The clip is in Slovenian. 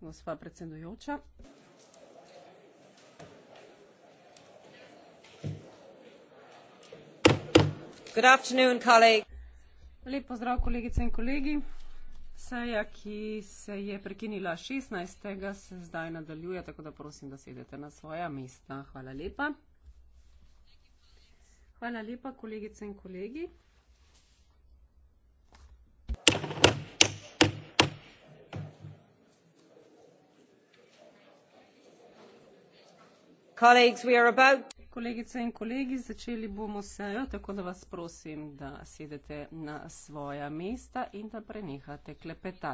Gospa predsedujoča. Lep pozdrav, kolegice in kolegi. Seja, ki se je prekinila šestnajstega, se zdaj nadaljuje, tako da prosim, da sedete na svoja mesta. Hvala lepa. Hvala lepa, kolegice in kolegi. Kolegice in kolegi, začeli bomo sejo, tako da vas prosim, da sedete na svoja mesta in da prenehate klepetati.